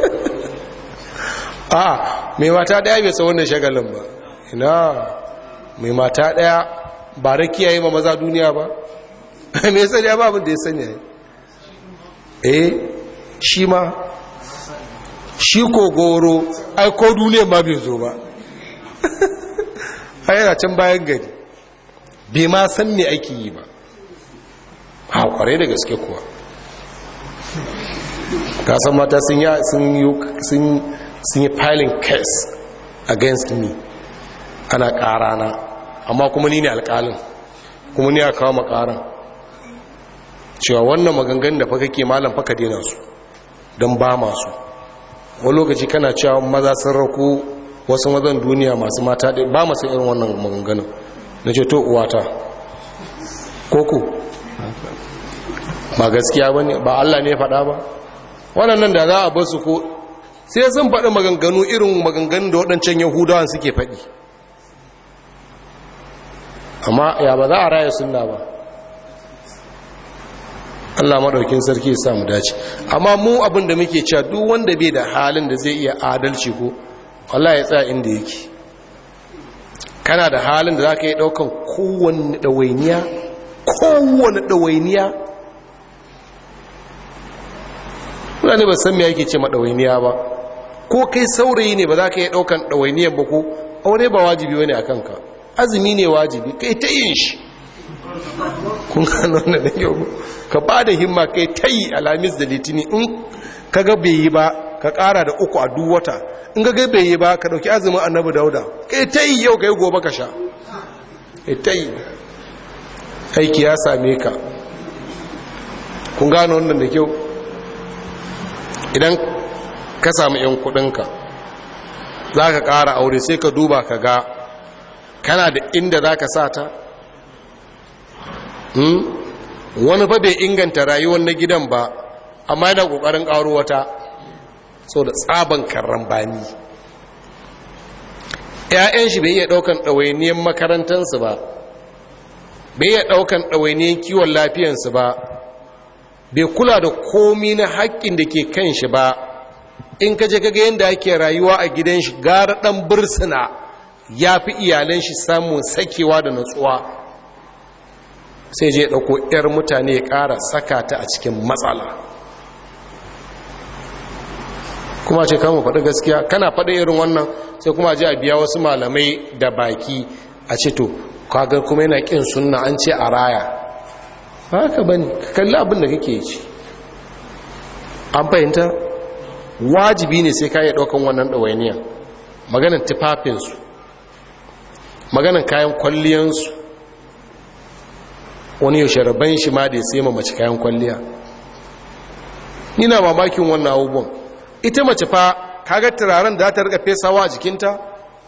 a mai mata daya bai san wannan shagalin ba ina mai mata daya ba rakiya yi ma maza duniya ba mai sani ya babin da ya sani ya eh shi ma shi ko goro ai ko duniya ma bai zo ba A yana can bayan gari bai ma san me ake yi ba a kwarai da gaske kuwa ta san mata sun yi sun yi filing case against me ana ƙarana amma kuma ni ne alƙalin kuma ni a kawo makaran cewa wannan magangan da faka ke malam faka dina su don ba masu wani lokaci kana cewa maza sun rako wasu mazan duniya masu mata da ba masu irin wannan maganganun na ce to uwata koko ba gaskiya ba ne ba allah ne faɗa ba waɗannan da za a basu ko sai zan faɗi maganganu irin maganganu da waɗancan yahudawan suke faɗi amma ya ba za a raya suna ba Allah maɗaukin sarki ya samu dace amma mu abin da muke cewa duk wanda bai da halin da zai iya adalci ko Allah ya tsaya inda yake kana da halin da za ka yi ɗaukan kowane ɗawainiya kowane ɗawainiya mutane ba san me yake ce maɗawainiya ba ko kai saurayi ne ba za ka yi ɗaukan ɗawainiyar ba ko aure ba wajibi wani a kanka azumi ne wajibi kai ta yin shi kun gano na da yau ka ba da himma kai ta yi alamis da litini in ka ga bai yi ba ka ƙara da uku a duk wata in ga bai yi ba ka ɗauki azumin annabi dauda kai ta yi yau kai gobe ka sha kai ta yi aiki ya same ka kun gano wannan da kyau idan ka samu 'yan kudinka za ka ƙara aure sai ka duba ka ga kana da inda za ka sa ta hmm? wani fa bai inganta rayuwar na gidan ba amma yana ƙoƙarin ƙaro wata sau da tsaban bani. ‘ya'yan shi bai iya ɗaukan ɗawainiyar makarantarsu ba bai iya ɗaukan ɗawainiyar kiwon lafiyansu ba bai kula da komi na haƙƙin da ke kan shi ba in ka je kaga yadda ake rayuwa a gidan shi gara ɗan bursuna ya fi iyalan shi samun sakewa da natsuwa sai je ɗauko 'yar mutane ya ƙara saka ta a cikin matsala kuma ce kama faɗi gaskiya kana faɗi irin wannan sai kuma je a biya wasu malamai da baki a ce to Kaga kuma yana kin sunna an ce a raya haka bane ka kalli abin da kake ci an fahimta wajibi ne sai ka iya ɗaukan wannan ɗawainiya maganin tufafinsu maganin kayan kwalliyansu wani yaushe rabban shi ma da ya sai mace kayan kwalliya ina mamakin wannan abubuwan ita mace fa kaga turaren da ta rika fesawa a jikinta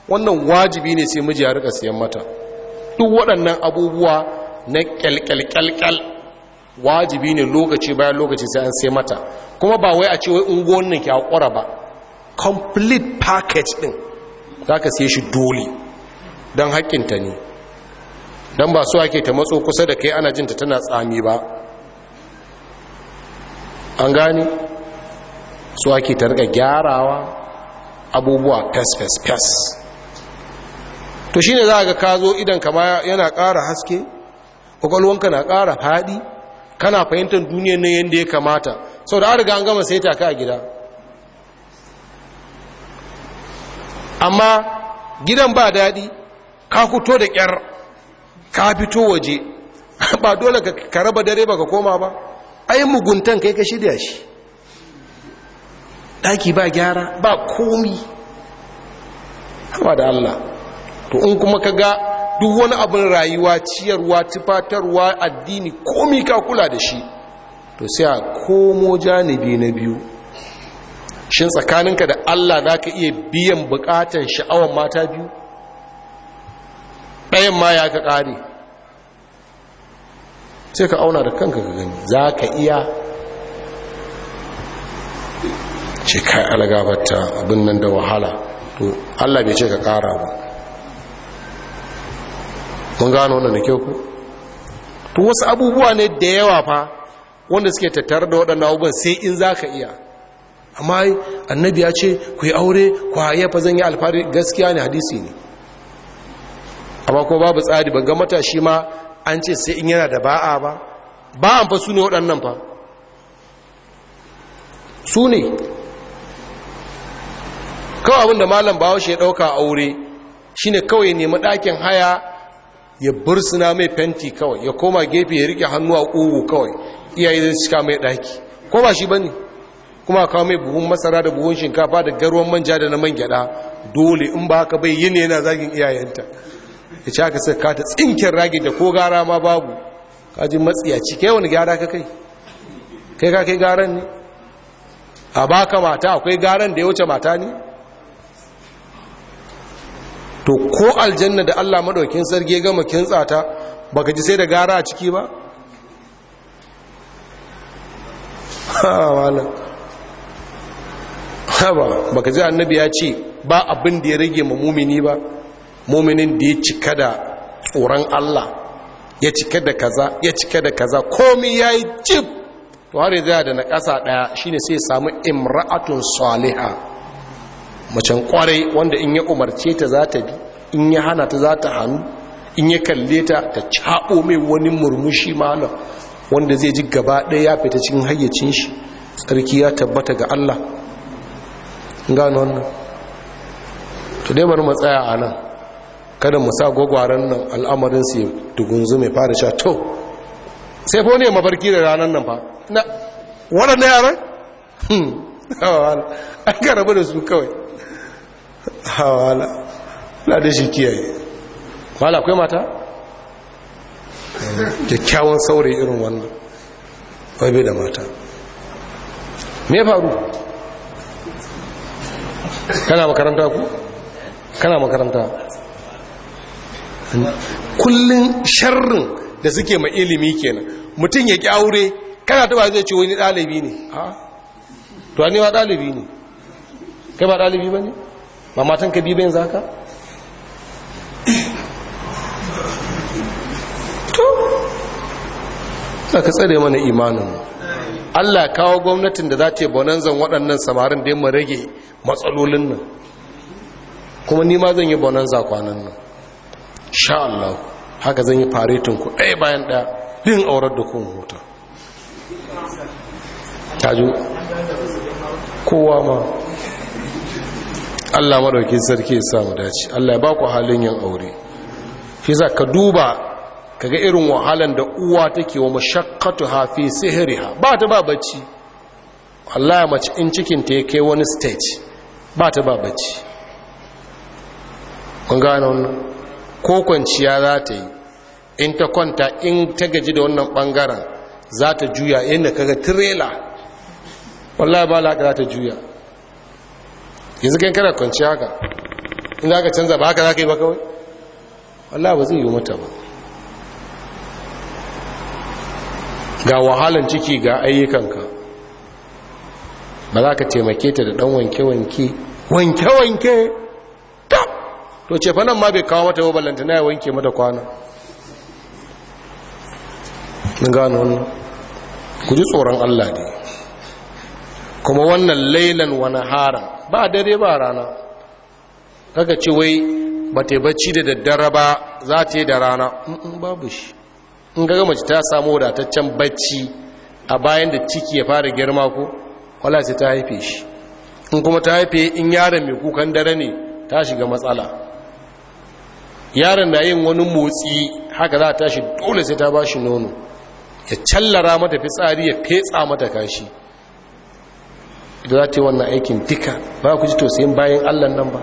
wannan wajibi ne sai miji ya rika siyan mata duk waɗannan abubuwa na kyalkyalkyalkyal wajibi ne lokaci bayan lokaci sai an sai mata kuma ba wai a ce wai unguwan nan ki hakura ba complete package din ka sai shi dole Don haƙƙinta ne Don ba su ake ta matso kusa da kai ana jinta tana tsami ba an gane su ake ta rika gyarawa abubuwa fes fes fes to shine za ka kazo kazo idan kama yana ƙara haske kwakwalwanka na ƙara faɗi kana fahimtar duniyar nan yadda ya kamata sau da riga an gama sai ka a gida amma gidan ba daɗi ka fito da ƙyar ka fito waje ba dole ka raba dare ba ka koma ba ai muguntan kai ka shirya shi ɗaki ba gyara ba komi hawa da Allah to in kuma ka ga duk wani abin rayuwa ciyarwa tufatarwa addini komi ka kula da shi to sai a komo janibi na biyu shin tsakaninka da allah za ka iya biyan bukatan sha'awar mata biyu ɗayan ma ya ka ƙari sai ka auna da kanka ka gani za ka iya ce kai alagabata abin nan da wahala to allah bai ce ka ƙara ba mun gano wannan da kyau ku to wasu abubuwa ne da yawa fa wanda suke tattara da waɗannan abubuwan sai in za ka iya amma annabi ya ce ku yi aure ku fa zan yi alfahari gaskiya ne hadisi ne amma kuma babu tsari ban ga matashi ma an ce sai in yana da ba'a ba ba'an fa su ne waɗannan fa su ne kawai abinda malam bahaushe ya ɗauka aure shine kawai nemi ɗakin haya ya bursuna mai fenti kawai ya koma gefe ya rike hannu a ƙugu kawai iyaye zai cika mai ɗaki ko ba shi ba ne kuma kawo mai buhun masara da buhun shinkafa da garwan manja da na man gyada dole in ba haka bai yin yana zagin iyayenta ya ci aka sai ka ta tsinkin ragi da ko gara ma babu kaji matsiyaci kai wani gyara ka kai kai ka kai garan ne a baka mata akwai garan da ya wuce mata ne to ko aljanna da allah madaukin sarki ya gama kintsa ta baka ji sai da gara a ciki ba hawa haba baka ji annabi ya ce ba abin da ya rage ma mumini ba muminin da ya cika da tsoron Allah ya cika da kaza ya cika da kaza komi ya yi jib to har da na ƙasa ɗaya ne sai samu imra'atun saliha macen kwarai wanda in ya umarce ta za ta bi in ya hana ta za ta hannu in ya kalle ta ta caɓo mai wani murmushi malam wanda zai ji gaba ɗaya ya fita cikin hayyacin shi tsarki ya tabbata ga Allah gano wannan to dai bari matsaya a nan kada mu sa gwagwaran nan al'amarin su dugunzu mai fara sha to sai fa ne mafarki da ranar nan fa na waɗanda yaran hmm. an ka rabu da su kawai hawala na da shi kiyaye mala akwai mata kyakkyawan saurayi irin wannan wai bai da mata me faru kana makaranta ku kana makaranta kullum sharrin da suke ma ilimi kenan mutum ya ki kana taba zai ce wani ɗalibi ne a ne wa ɗalibi ne kai ba ɗalibi ba ne ba matan ka biyu bayan zaka to ka tsare mana imaninmu allah kawo gwamnatin da za ta yi bonanzan waɗannan samarin da ya mu rage matsalolin nan kuma nima zan yi bonanza kwanan nan sha allah haka zan yi faretin ku ɗaya bayan ɗaya yin aurar da kun huta taju kowa ma allah maɗauki sarki ya samu dace allah ya ba ku halin yin aure fi za ka duba kaga irin wahalan da uwa take wa mashakkatu hafi sihiriha ba ta ba bacci wallahi mace in cikinta ya kai wani stage ba ta ba bacci kun gane wannan ko kwanciya za ta yi in ta kwanta in ta gaji da wannan bangaren za ta juya inda kaga tirela wallahi ba la za ta juya yanzu kai kana kwanciya haka in za ka canza ba haka za ka yi ba kawai wallahi ba zai yi mata ba ga wahalan ciki ga ayyukanka ba za ka taimake ta da ɗan wanke-wanke wanke-wanke to ce fa nan ma bai kawo mata wabalanta na ya wanke mata kwana na gano wannan ku ji tsoron Allah ne kuma wannan lailan wani haram ba dare ba rana Kaka ce wai ba ta bacci da daddare ba za ta yi da rana babu shi in ga mace ta samu wadataccen bacci a bayan da ciki ya fara girma ko wala sai ta haife shi in kuma ta haife in yaron mai kukan dare ne ta shiga matsala yaron na yin wani motsi haka za ta shi dole sai ta ba shi nono ya callara mata fitsari ya fetsa mata kashi da za ta yi wannan aikin duka ba ku ji tausayin bayan allah nan ba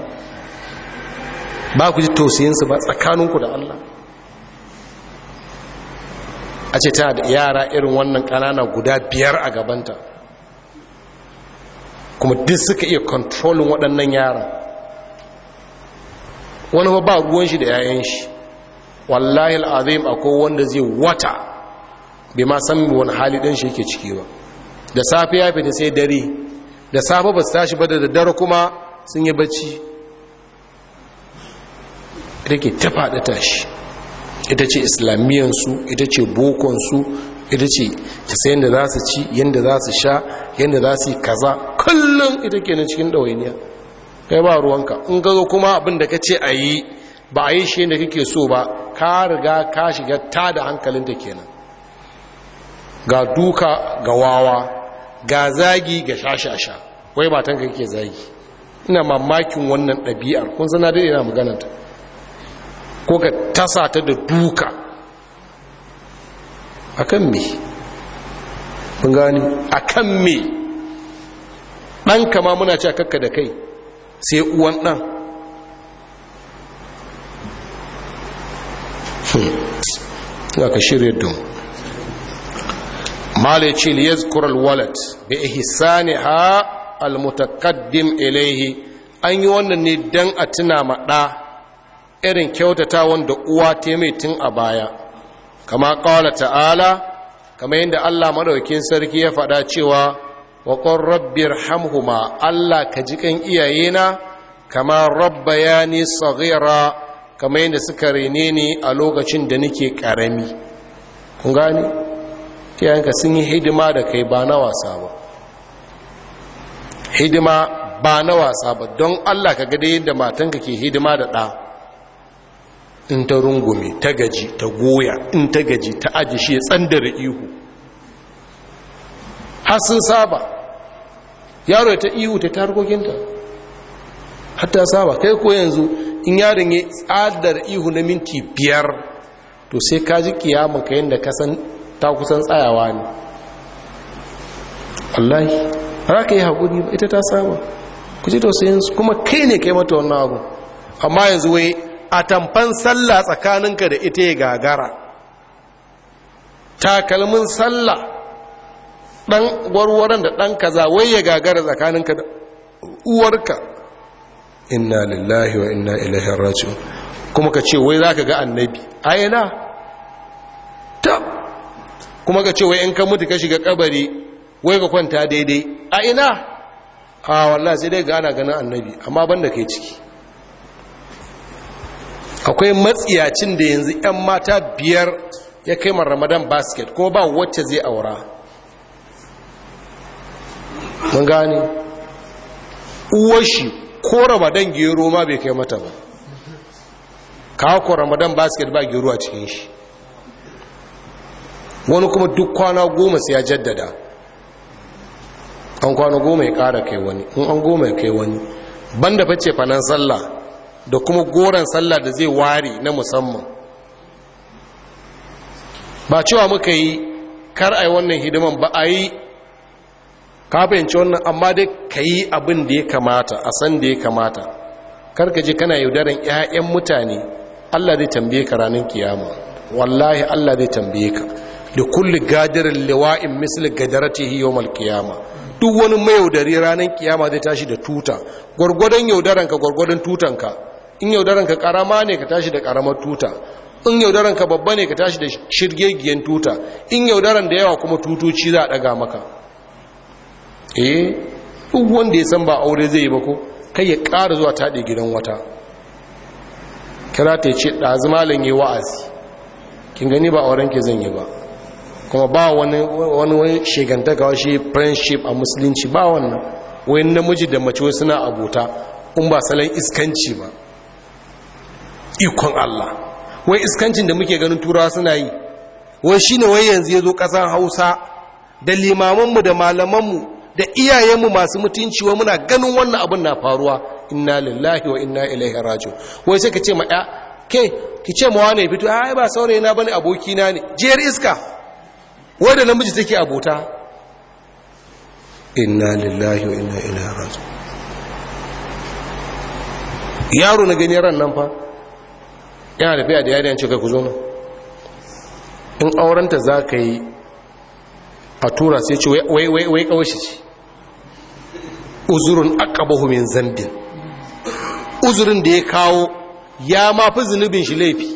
ba ku ji tausayinsu ba tsakaninku da allah ce tana da yara irin wannan kanana guda biyar a gabanta kuma duk suka iya kontrolin waɗannan yaran wani ba ruwan shi da yayan shi wallahi al'azim akwai wanda zai wata bai ma san wani hali ɗin shi yake ciki ba da safe ya fita sai dare da safe ba su tashi ba da daddare kuma sun yi bacci rike tafa da tashi ita ce islamiyyansu ita ce bokonsu ita ce ta yadda za su ci yadda za su sha yadda za su kaza kullum ita ke na cikin ɗawainiya kai ba ruwanka in gazo kuma abin da ka ce a yi ba a yi shi yadda kake so ba ka riga ka shiga ta da hankalin da kenan ga duka ga wawa ga zagi ga shashasha wai ba tanka kake zagi ina mamakin wannan ɗabi'ar kun sana dai ina magananta ko ka tasa ta da duka a kan me ɗan gani a kan me ɗan kama muna ce kakka da kai sai uwan ɗan hmm. za ka shirya dum malai ce liyaz bi ihsani ha almutakaddim ilaihi an yi wannan ne don a tuna maɗa irin kyautata wanda uwa ta mai tun a baya kama kawala ta'ala kama yadda allah maɗaukin sarki ya faɗa cewa waƙon rabbiyar hamhuma allah ka ji kan iyayena kama rabba ni tsagira kama yadda suka rene ni a lokacin da nake ƙarami kun gani sun yi hidima da kai ba na wasa ba hidima ba na wasa ba don allah ka gade yadda matanka ke hidima da ɗa in ta rungume ta gaji ta goya in ta gaji ta aji shi ya tsandara ihu har sun saba yaro ta ihu ta targoginta hatta saba kai ko yanzu in yaron ya tsadar ihu na minti biyar to sai ka ji kiyama ka yadda san ta kusan tsayawa ne wallahi ra ka yi haƙuri ita ta saba ku ji tausayinsu kuma kai ne kai mata wannan abu amma yanzu wai a tamfan sallah tsakaninka da ita ya gagara takalmin sallah ɗan warwaran da ɗan kaza wai ya gagara tsakaninka da uwarka inna lillahi wa inna ilaihi raji'un kuma ka ce wai za ka ga annabi ayana ta kuma ka ce wai in ka mutu ka shiga kabari wai ka kwanta daidai a ina a wallah sai dai ga ana ganin annabi amma banda kai ciki akwai matsiyacin da yanzu 'yan mata biyar ya kai ma ramadan basket ko ba wacce zai aura mun gane uwashi ko ramadan gero ma bai kai mata ba kawo ko ramadan basket ba gero a cikin shi wani kuma duk kwana goma sai ya jaddada an kwana goma ya kara kai wani in an goma ya kai wani banda face fanan sallah da kuma goron sallah da zai ware na musamman ba cewa muka yi kar a yi wannan hidiman ba a yi kafinci wannan amma dai ka yi abin da ya kamata a san da ya kamata karka je kana yaudaran 'ya'yan mutane allah zai tambaye ka ranar kiyama wallahi allah zai tambaye ka da kulli gadirin liwa'in misli gadaratihi yawmal kiyama duk wani mayaudari ranar kiyama zai tashi da tuta gwargwadon yaudaranka gwargwadon tutanka in yaudaran ka karama ne ka tashi da karamar tuta in ka babba ne ka tashi da shirgegiyen tuta in yaudaran da yawa kuma tutoci za a daga maka eh duk wanda ya san ba aure zai yi ba ko kai ya ƙara zuwa taɗe gidan wata kira ta ce ɗazu malin yi wa'azi kin gani ba auren ke zan yi ba kuma ba wani wani shegantaka shi friendship a musulunci ba wannan wayan namiji da mace suna abota in ba salon iskanci ba ikon Allah wai iskancin da muke ganin turawa suna yi wai ne wai yanzu ya zo kasan Hausa da limamanmu da malamanmu da iyayenmu masu mutunci wa muna ganin wannan abin na faruwa inna lillahi wa inna ilaihi raji'un wai sai ka ce ma ya ke ki ce ma wane fito ai ba saurayi na bane aboki na ne jiyar iska wai da namiji take abota inna lillahi wa inna ilaihi raji'un yaro na gani ran nan fa yana tafiya da yariyan ce kai ku zo in aurenta za ka yi a tura sai ce wai kawai ce uzurin akabahu min zambin uzurin da ya kawo ya mafi zunubin shi laifi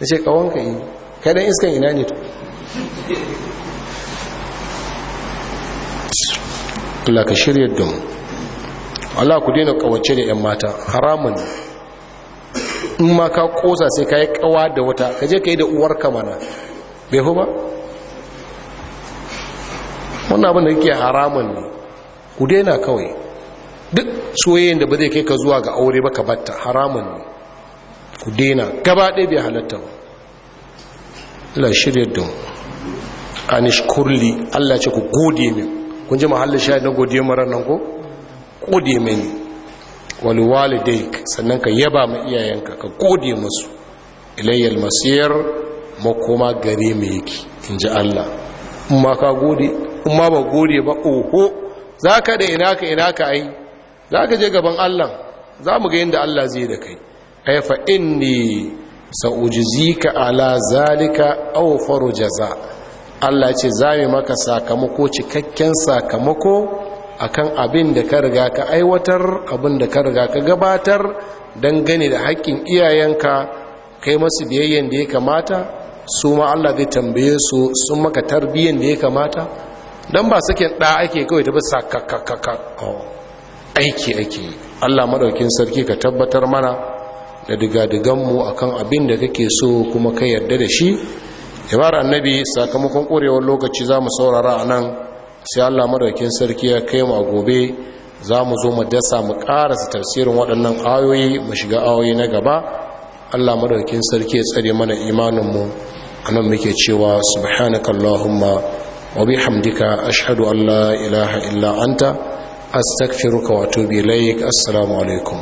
da ce kawon ka yi kadan iskan ina ne to Allah ka shirya don Allah ku daina kawace da 'yan mata haramun in ma ka kosa sai ka yi kawa da wata ka je ka yi da ka mana bai ba wannan abin da yake haramun ne ku daina kawai duk soyayyen da ba zai kai ka zuwa ga aure ba ka batta haramun ne ku daina gaba ɗaya bai halatta ba Allah shirya don anish kurli Allah ce ku gode min kun ji mahallin shahid na gode mara nan ko gode mini waliwalidaik sannan ka yaba ma iyayenka ka gode musu ilayyar masir makoma gare mu yake in ji Allah in ka gode in ba gode ba oho za ka da ina ka ina ka ai za ka je gaban Allah za mu ga da Allah zai da kai ai fa inni sa'ujizika ala zalika au faru jaza Allah ce za mu maka sakamako cikakken sakamako akan abin da ka riga ka aiwatar abin da ka riga ka gabatar gani da haƙƙin iyayenka kai masu biyayyen da ya kamata su ma Allah zai tambaye su sun maka tarbiyyan da ya kamata dan ba suke ɗa ake kawai ta bisa kakakaka oh, aiki ake Allah maɗaukin sarki ka tabbatar mana da diga digadiganmu akan abin da kake so kuma ka yarda da shi jama'ar annabi sakamakon ƙorewar lokaci za mu saurara a nan sai Allah madaukin sarki ya kai mu gobe za mu zo mu dasa mu karasa tafsirin waɗannan ayoyi mu shiga ayoyi na gaba Allah madaukin sarki ya tsare mana imaninmu a nan muke cewa subhanakallahumma wa bihamdika ashhadu an la ilaha illa anta astaghfiruka wa atubu ilaik assalamu alaikum